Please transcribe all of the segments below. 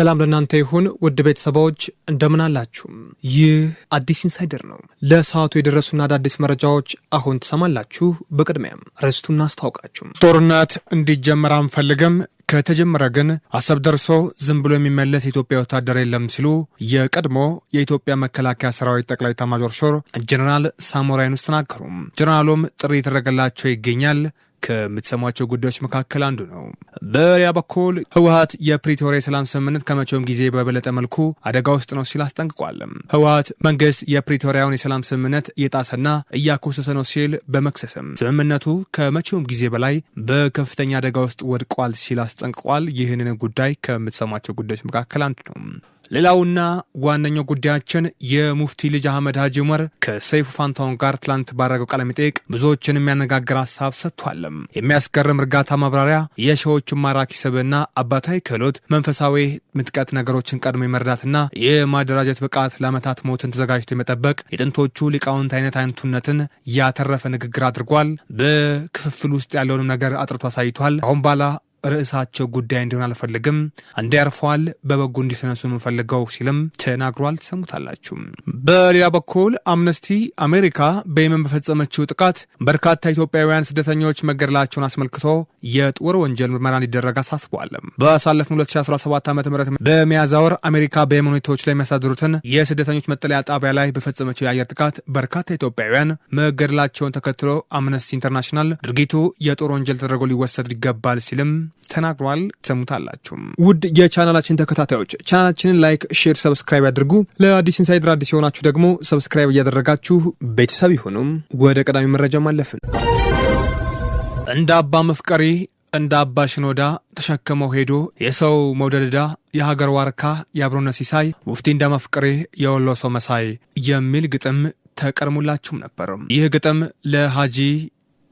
ሰላም ለእናንተ ይሁን ውድ ቤተሰባዎች እንደምን አላችሁም? ይህ አዲስ ኢንሳይደር ነው። ለሰዓቱ የደረሱና አዳዲስ መረጃዎች አሁን ትሰማላችሁ። በቅድሚያም ርዕስቱን አስታውቃችሁ፣ ጦርነት እንዲጀመር አንፈልግም ከተጀመረ ግን አሰብ ደርሶ ዝም ብሎ የሚመለስ የኢትዮጵያ ወታደር የለም ሲሉ የቀድሞ የኢትዮጵያ መከላከያ ሰራዊት ጠቅላይ ኤታማዦር ሹም ጀኔራል ሳሞራ የኑስ ተናገሩ። ጀኔራሉም ጥሪ የተደረገላቸው ይገኛል ከምትሰሟቸው ጉዳዮች መካከል አንዱ ነው። በሪያ በኩል ህወሀት የፕሪቶሪያ የሰላም ስምምነት ከመቼውም ጊዜ በበለጠ መልኩ አደጋ ውስጥ ነው ሲል አስጠንቅቋል። ህወሀት መንግስት የፕሪቶሪያውን የሰላም ስምምነት እየጣሰና እያኮሰሰ ነው ሲል በመክሰስም ስምምነቱ ከመቼውም ጊዜ በላይ በከፍተኛ አደጋ ውስጥ ወድቋል ሲል አስጠንቅቋል። ይህንን ጉዳይ ከምትሰሟቸው ጉዳዮች መካከል አንዱ ነው። ሌላውና ዋነኛው ጉዳያችን የሙፍቲ ልጅ አህመድ ሀጂ ዑመር ከሰይፉ ፋንታውን ጋር ትላንት ባረገው ቃለ መጠይቅ ብዙዎችን የሚያነጋግር ሀሳብ ሰጥቷለም። የሚያስገርም እርጋታ ማብራሪያ፣ የሺዎቹን ማራኪ ስብዕና፣ አባታዊ ክህሎት፣ መንፈሳዊ ምጥቀት፣ ነገሮችን ቀድሞ የመረዳትና የማደራጀት ብቃት፣ ለዓመታት ሞትን ተዘጋጅቶ የመጠበቅ የጥንቶቹ ሊቃውንት አይነት አይነቱነትን ያተረፈ ንግግር አድርጓል። በክፍፍል ውስጥ ያለውንም ነገር አጥርቶ አሳይቷል። አሁን ባላ ርዕሳቸው ጉዳይ እንዲሆን አልፈልግም፣ አንዴ ያርፈዋል፣ በበጎ እንዲተነሱ የምፈልገው ሲልም ተናግሯል። ትሰሙታላችሁ። በሌላ በኩል አምነስቲ አሜሪካ በየመን በፈጸመችው ጥቃት በርካታ ኢትዮጵያውያን ስደተኞች መገደላቸውን አስመልክቶ የጦር ወንጀል ምርመራ እንዲደረግ አሳስቧል። በሳለፍ 2017 ዓ ም በሚያዝያ ወር አሜሪካ በየመን ሁኔታዎች ላይ የሚያሳድሩትን የስደተኞች መጠለያ ጣቢያ ላይ በፈጸመችው የአየር ጥቃት በርካታ ኢትዮጵያውያን መገደላቸውን ተከትሎ አምነስቲ ኢንተርናሽናል ድርጊቱ የጦር ወንጀል ተደርጎ ሊወሰድ ይገባል ሲልም ተናግሯል። ሰሙታላችሁ። ውድ የቻናላችን ተከታታዮች ቻናላችንን ላይክ፣ ሼር፣ ሰብስክራይብ ያድርጉ። ለአዲስ ኢንሳይድር አዲስ የሆናችሁ ደግሞ ሰብስክራይብ እያደረጋችሁ ቤተሰብ ይሁኑም። ወደ ቀዳሚ መረጃ ማለፍን እንደ አባ መፍቀሪ እንደ አባ ሽኖዳ ተሸክመው ሄዶ የሰው መውደድዳ የሀገር ዋርካ የአብሮነት ሲሳይ ውፍቲ እንደ መፍቅሬ የወሎ ሰው መሳይ የሚል ግጥም ተቀርሙላችሁም ነበርም። ይህ ግጥም ለሃጂ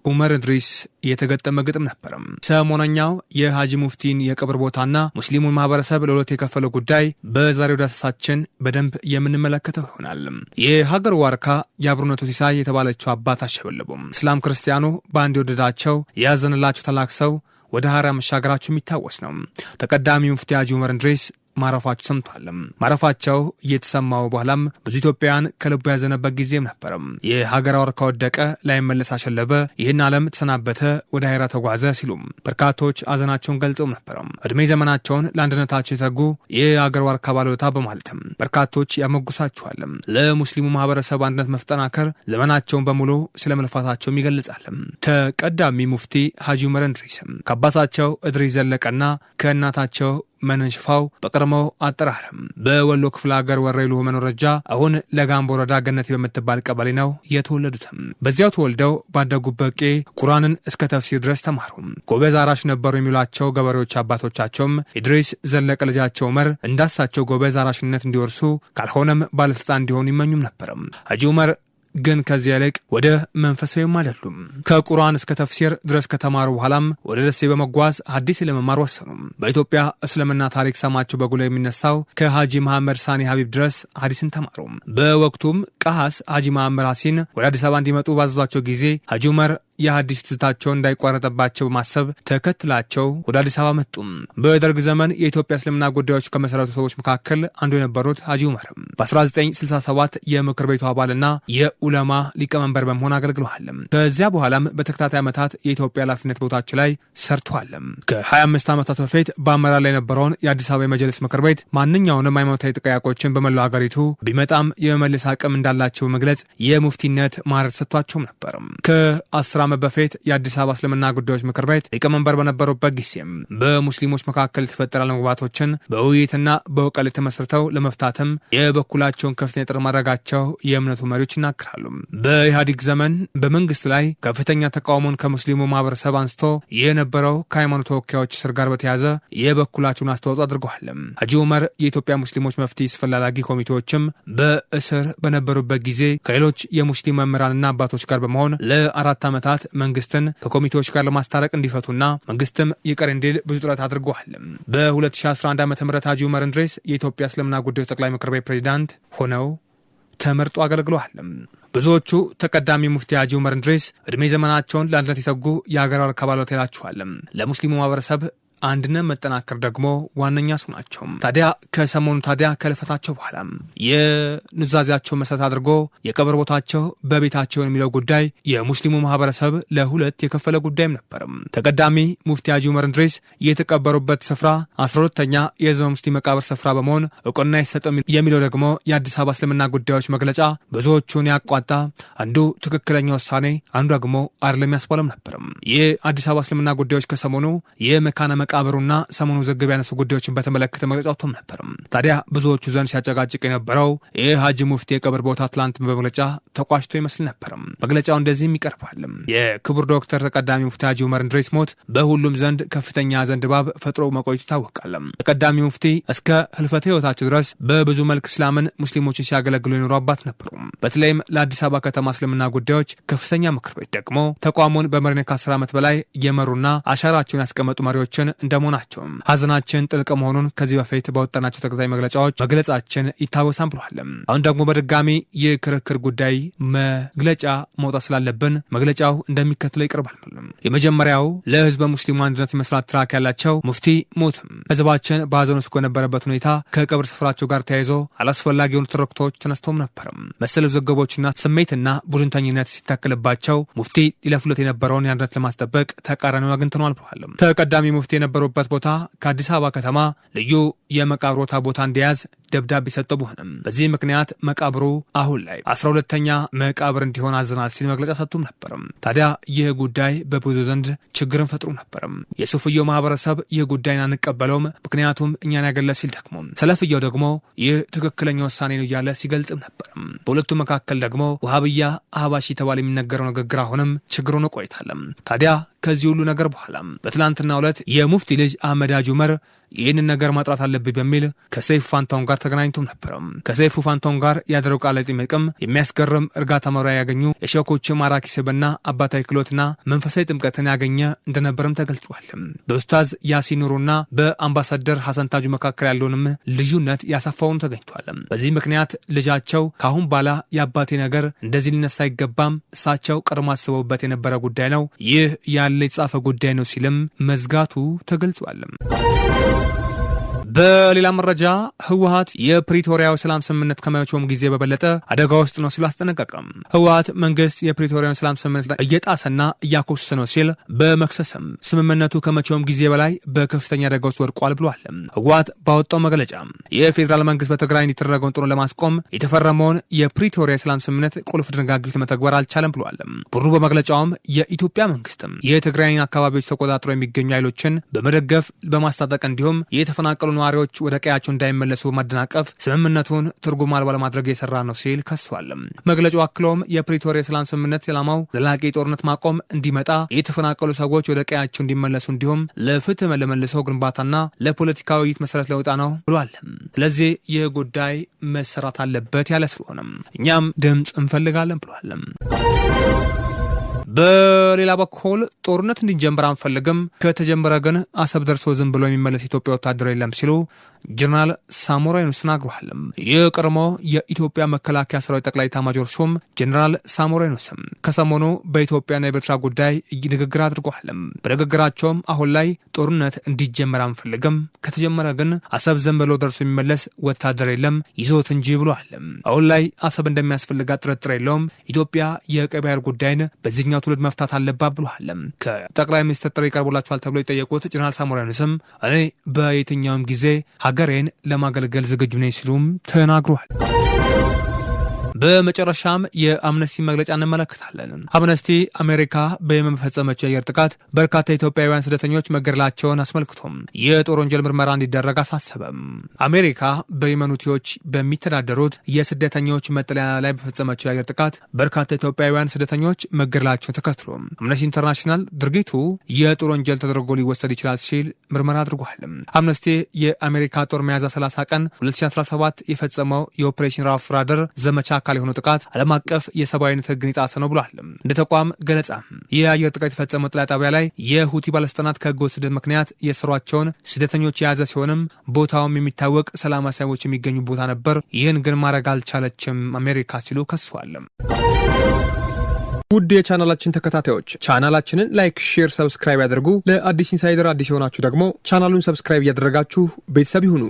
ኡመር እድሪስ የተገጠመ ግጥም ነበርም። ሰሞነኛው የሃጂ ሙፍቲን የቅብር ቦታና ሙስሊሙን ማህበረሰብ ለሁለት የከፈለው ጉዳይ በዛሬው ዳሰሳችን በደንብ የምንመለከተው ይሆናል። የሀገር ዋርካ የአብሮነቱ ሲሳይ የተባለችው አባት አሸበልቡም እስላም ክርስቲያኑ በአንድ የወደዳቸው ያዘንላቸው ተላክሰው ወደ ሀራ መሻገራቸው የሚታወስ ነው። ተቀዳሚ ሙፍቲ ሀጂ ኡመር እንድሪስ ማረፋቸው ሰምቷል። ማረፋቸው እየተሰማው በኋላም ብዙ ኢትዮጵያውያን ከልቡ ያዘነበት ጊዜም ነበርም። የሀገር አወር ከወደቀ ላይመለስ አሸለበ፣ ይህን ዓለም ተሰናበተ፣ ወደ ሀይራ ተጓዘ ሲሉም በርካቶች አዘናቸውን ገልጸውም ነበረም። እድሜ ዘመናቸውን ለአንድነታቸው የተጉ የአገር ዋርካ ባለውለታ በማለትም በርካቶች ያሞግሷቸዋል። ለሙስሊሙ ማህበረሰብ አንድነት መፍጠናከር ዘመናቸውን በሙሉ ስለ መልፋታቸውም ይገልጻል። ተቀዳሚ ሙፍቲ ሀጂ ዑመር እንድሪስም ከአባታቸው እድሪስ ዘለቀና ከእናታቸው መነሽፋው በቀድሞ አጠራር በወሎ ክፍለ ሀገር ወረይሉ መኖረጃ አሁን ለጋምቦ ወረዳ ገነት በምትባል ቀበሌ ነው የተወለዱትም። በዚያው ተወልደው ባደጉበት ቄ ቁርአንን እስከ ተፍሲር ድረስ ተማሩ። ጎበዝ አራሽ ነበሩ የሚሏቸው ገበሬዎች አባቶቻቸውም ኢድሪስ ዘለቀ ልጃቸው ዑመር እንዳሳቸው ጎበዝ አራሽነት እንዲወርሱ ካልሆነም ባለስልጣን እንዲሆኑ ይመኙም ነበርም። ሐጂ ዑመር ግን ከዚያ ይልቅ ወደ መንፈሳዊም አይደሉም። ከቁርአን እስከ ተፍሲር ድረስ ከተማሩ በኋላም ወደ ደሴ በመጓዝ ሐዲስ ለመማር ወሰኑ። በኢትዮጵያ እስልምና ታሪክ ሰማቸው በጉሎ የሚነሳው ከሐጂ መሐመድ ሳኒ ሀቢብ ድረስ ሐዲስን ተማሩ። በወቅቱም ቀሐስ ሐጂ መሐመድ ሐሲን ወደ አዲስ አበባ እንዲመጡ ባዘዟቸው ጊዜ ሐጂ ዑመር የአዲስ ትዝታቸው እንዳይቋረጠባቸው በማሰብ ተከትላቸው ወደ አዲስ አበባ መጡም። በደርግ ዘመን የኢትዮጵያ እስልምና ጉዳዮች ከመሰረቱ ሰዎች መካከል አንዱ የነበሩት ሀጂ ዑመርም በ1967 የምክር ቤቱ አባልና የኡለማ ሊቀመንበር በመሆን አገልግለዋል። ከዚያ በኋላም በተከታታይ ዓመታት የኢትዮጵያ ኃላፊነት ቦታች ላይ ሰርተዋል። ከ25 ዓመታት በፊት በአመራር ላይ የነበረውን የአዲስ አበባ የመጀልስ ምክር ቤት ማንኛውንም ሃይማኖታዊ ጥያቄዎችን በመላው አገሪቱ ቢመጣም የመመለስ አቅም እንዳላቸው በመግለጽ የሙፍቲነት ማዕረግ ሰጥቷቸውም ነበር። ዓመት በፊት የአዲስ አበባ እስልምና ጉዳዮች ምክር ቤት ሊቀመንበር በነበሩበት ጊዜም በሙስሊሞች መካከል የተፈጠረ አለመግባባቶችን በውይይትና በእውቀት ተመስርተው ለመፍታትም የበኩላቸውን ከፍተኛ ጥረት ማድረጋቸው የእምነቱ መሪዎች ይናገራሉ። በኢህአዴግ ዘመን በመንግስት ላይ ከፍተኛ ተቃውሞን ከሙስሊሙ ማህበረሰብ አንስቶ የነበረው ከሃይማኖት ተወካዮች ስር ጋር በተያያዘ የበኩላቸውን አስተዋጽኦ አድርገዋል። ሀጂ ኡመር የኢትዮጵያ ሙስሊሞች መፍትሄ አስፈላላጊ ኮሚቴዎችም በእስር በነበሩበት ጊዜ ከሌሎች የሙስሊም መምህራንና አባቶች ጋር በመሆን ለአራት ዓመታት በመግባት መንግስትን ከኮሚቴዎች ጋር ለማስታረቅ እንዲፈቱና መንግስትም ይቅር እንዲል ብዙ ጥረት አድርጓል በ በ2011 ዓ ም ሀጂ ዑመር እንድሬስ የኢትዮጵያ እስልምና ጉዳዮች ጠቅላይ ምክር ቤት ፕሬዚዳንት ሆነው ተመርጦ አገልግሏል። ብዙዎቹ ተቀዳሚ ሙፍቲ ሀጂ ዑመር እንድሬስ ዕድሜ ዘመናቸውን ለአንድነት የተጉ የሀገር አርካባሎት ይላችኋል። ለሙስሊሙ ማህበረሰብ አንድነት መጠናከር ደግሞ ዋነኛ ሱ ናቸው። ታዲያ ከሰሞኑ ታዲያ ከልፈታቸው በኋላ የኑዛዜያቸው መሰረት አድርጎ የቀብር ቦታቸው በቤታቸው የሚለው ጉዳይ የሙስሊሙ ማህበረሰብ ለሁለት የከፈለ ጉዳይም ነበርም። ተቀዳሚ ሙፍቲ ሀጂ ዑመር እንድሪስ የተቀበሩበት ስፍራ 12 ሁለተኛ የህዝበ ሙስሊም መቃብር ስፍራ በመሆን እውቅና ይሰጠው የሚለው ደግሞ የአዲስ አበባ እስልምና ጉዳዮች መግለጫ ብዙዎቹን ያቋጣ፣ አንዱ ትክክለኛ ውሳኔ፣ አንዱ ደግሞ አይደለም ያስባለም ነበርም። ይህ አዲስ አበባ እስልምና ጉዳዮች ከሰሞኑ የመካነ መቃብሩና ሰሞኑ ዘገብ ያነሱ ጉዳዮችን በተመለከተ መግለጫ ወጥቶም ነበር። ታዲያ ብዙዎቹ ዘንድ ሲያጨቃጭቅ የነበረው ይህ ሀጂ ሙፍቲ የቀብር ቦታ ትላንት በመግለጫ ተቋጭቶ ይመስል ነበር። መግለጫው እንደዚህም ይቀርባል። የክቡር ዶክተር ተቀዳሚ ሙፍቲ ሀጂ ዑመር እንድሪስ ሞት በሁሉም ዘንድ ከፍተኛ ዘንድ ባብ ፈጥሮ መቆየቱ ይታወቃል። ተቀዳሚ ሙፍቲ እስከ ህልፈተ ህይወታቸው ድረስ በብዙ መልክ እስላምን፣ ሙስሊሞችን ሲያገለግሉ የኖሩ አባት ነበሩ። በተለይም ለአዲስ አበባ ከተማ እስልምና ጉዳዮች ከፍተኛ ምክር ቤት ደግሞ ተቋሙን በመሪነት ከአስር ዓመት በላይ የመሩና አሻራቸውን ያስቀመጡ መሪዎችን እንደመሆናቸውም ሀዘናችን ጥልቅ መሆኑን ከዚህ በፊት በወጣናቸው ተከታታይ መግለጫዎች መግለጻችን ይታወሳል ብሏል። አሁን ደግሞ በድጋሚ የክርክር ጉዳይ መግለጫ መውጣት ስላለብን መግለጫው እንደሚከትለው ይቀርባል። የመጀመሪያው ለህዝበ ሙስሊሙ አንድነት የመስራት ትራክ ያላቸው ሙፍቲ ሞትም ህዝባችን በሀዘን ውስጥ በነበረበት ሁኔታ ከቀብር ስፍራቸው ጋር ተያይዞ አላስፈላጊ የሆኑ ትርክቶች ተነስተውም ነበርም መሰል ዘገቦችና ስሜትና ቡድንተኝነት ሲታክልባቸው ሙፍቲ ሊለፍለት የነበረውን የአንድነት ለማስጠበቅ ተቃራኒውን አግኝተነዋል ብለዋል። ተቀዳሚ ሙፍቲ የነበሩበት ቦታ ከአዲስ አበባ ከተማ ልዩ የመቃብሮታ ቦታ እንዲያዝ ደብዳቤ ሰጠው። ቢሆንም በዚህ ምክንያት መቃብሩ አሁን ላይ አስራ ሁለተኛ መቃብር እንዲሆን አዘናል ሲል መግለጫ ሰጥቶም ነበርም። ታዲያ ይህ ጉዳይ በብዙ ዘንድ ችግርን ፈጥሮ ነበርም። የሱፍየው ማህበረሰብ ይህ ጉዳይን አንቀበለውም፣ ምክንያቱም እኛን ያገለ ሲል ደግሞ ሰለፍየው ደግሞ ይህ ትክክለኛ ውሳኔ ነው እያለ ሲገልጽም ነበርም። በሁለቱ መካከል ደግሞ ውሃብያ አህባሽ የተባለ የሚነገረው ንግግር አሁንም ችግር ሆኖ ቆይታለም። ታዲያ ከዚህ ሁሉ ነገር በኋላ በትላንትና ዕለት የሙፍቲ ልጅ አህመድ ዑመር ይህንን ነገር ማጥራት አለብኝ በሚል ከሰይፍ ፋንታውን ጋር ጋር ተገናኝቶም ነበረም። ከሰይፉ ፋንታሁን ጋር ያደረው ቃለ መጠይቅም የሚያስገርም እርጋታ መምሪያ ያገኙ የሸኮች ማራኪ ስብዕና፣ አባታዊ ክህሎትና መንፈሳዊ ጥምቀትን ያገኘ እንደነበረም ተገልጿል። በኡስታዝ ያሲን ኑሩና በአምባሳደር ሐሰን ታጁ መካከል ያለውንም ልዩነት ያሳፋውን ተገኝቷል። በዚህ ምክንያት ልጃቸው ከአሁን ባላ የአባቴ ነገር እንደዚህ ሊነሳ አይገባም፣ እሳቸው ቀድሞ አስበውበት የነበረ ጉዳይ ነው፣ ይህ ያለ የተጻፈ ጉዳይ ነው ሲልም መዝጋቱ ተገልጿል። በሌላ መረጃ ህወሀት የፕሪቶሪያ ሰላም ስምምነት ከመቼውም ጊዜ በበለጠ አደጋ ውስጥ ነው ሲሉ አስጠነቀቀም። ህወሀት መንግስት የፕሪቶሪያን ሰላም ስምምነት እየጣሰና እያኮሰሰ ነው ሲል በመክሰስም ስምምነቱ ከመቼውም ጊዜ በላይ በከፍተኛ አደጋ ውስጥ ወድቋል ብሏል። ህወሀት ባወጣው መግለጫ የፌዴራል መንግስት በትግራይ የተደረገውን ጦር ለማስቆም የተፈረመውን የፕሪቶሪያ ሰላም ስምምነት ቁልፍ ድንጋጌዎች መተግበር አልቻለም ብሏል። ቡድኑ በመግለጫውም የኢትዮጵያ መንግስትም የትግራይን አካባቢዎች ተቆጣጥሮ የሚገኙ ኃይሎችን በመደገፍ በማስታጠቅ እንዲሁም የተፈናቀሉ ተማሪዎች ወደ ቀያቸው እንዳይመለሱ ማደናቀፍ ስምምነቱን ትርጉም አልባ ለማድረግ የሰራ ነው ሲል ከሷል። መግለጫው አክሎም የፕሪቶሪያ የሰላም ስምምነት ዓላማው ዘላቂ ጦርነት ማቆም እንዲመጣ፣ የተፈናቀሉ ሰዎች ወደ ቀያቸው እንዲመለሱ እንዲሁም ለፍትህ ለመልሰው ግንባታና ለፖለቲካዊ ውይይት መሰረት ለውጣ ነው ብሏል። ስለዚህ ይህ ጉዳይ መሰራት አለበት ያለ ስለሆነም እኛም ድምፅ እንፈልጋለን ብሏል። በሌላ በኩል ጦርነት እንዲጀምር አንፈልግም፣ ከተጀመረ ግን አሰብ ደርሶ ዝም ብሎ የሚመለስ ኢትዮጵያ ወታደር የለም ሲሉ ጀነራል ሳሞራ ዩኑስ የቀድሞ የኢትዮጵያ መከላከያ ሰራዊት ጠቅላይ ኤታማዦር ሹም ጀነራል ሳሞራ ከሰሞኑ በኢትዮጵያና በኤርትራ ጉዳይ ንግግር አድርገዋል። በንግግራቸውም አሁን ላይ ጦርነት እንዲጀመር አንፈልግም፣ ከተጀመረ ግን አሰብ ዘን ብሎ ደርሶ የሚመለስ ወታደር የለም ይዞት እንጂ ብለዋል። አሁን ላይ አሰብ እንደሚያስፈልጋት ጥርጥር የለውም። ኢትዮጵያ የቀይ ባህር ጉዳይን በዚህኛው ትውልድ መፍታት አለባት ብለዋል። ከጠቅላይ ሚኒስትር ጥሪ ቀርቦላቸዋል ተብሎ የጠየቁት ጀነራል ሳሞራ እኔ በየትኛውም ጊዜ ሀገሬን ለማገልገል ዝግጁ ነኝ ሲሉም ተናግሯል። በመጨረሻም የአምነስቲ መግለጫ እንመለከታለን። አምነስቲ አሜሪካ በየመን በፈጸመችው የአየር ጥቃት በርካታ ኢትዮጵያውያን ስደተኞች መገደላቸውን አስመልክቶም የጦር ወንጀል ምርመራ እንዲደረግ አሳሰበም። አሜሪካ በየመን ሁቲዎች በሚተዳደሩት የስደተኞች መጠለያ ላይ በፈጸመችው የአየር ጥቃት በርካታ ኢትዮጵያውያን ስደተኞች መገደላቸውን ተከትሎ አምነስቲ ኢንተርናሽናል ድርጊቱ የጦር ወንጀል ተደርጎ ሊወሰድ ይችላል ሲል ምርመራ አድርጓል። አምነስቲ የአሜሪካ ጦር ሚያዝያ 30 ቀን 2017 የፈጸመው የኦፕሬሽን ራፍራደር ዘመቻ አካል የሆነው ጥቃት ዓለም አቀፍ የሰብአዊነት ህግን የጣሰ ነው ብሏል። እንደ ተቋም ገለጻ ይህ የአየር ጥቃት የተፈጸመው ጥላ ጣቢያ ላይ የሁቲ ባለስልጣናት ከህገወጥ ስደት ምክንያት የስሯቸውን ስደተኞች የያዘ ሲሆንም ቦታውም የሚታወቅ ሰላማዊ ሰዎች የሚገኙ ቦታ ነበር። ይህን ግን ማድረግ አልቻለችም አሜሪካ ሲሉ ከሷል። ውድ የቻናላችን ተከታታዮች ቻናላችንን ላይክ፣ ሼር፣ ሰብስክራይብ ያደርጉ። ለአዲስ ኢንሳይደር አዲስ የሆናችሁ ደግሞ ቻናሉን ሰብስክራይብ እያደረጋችሁ ቤተሰብ ይሁኑ።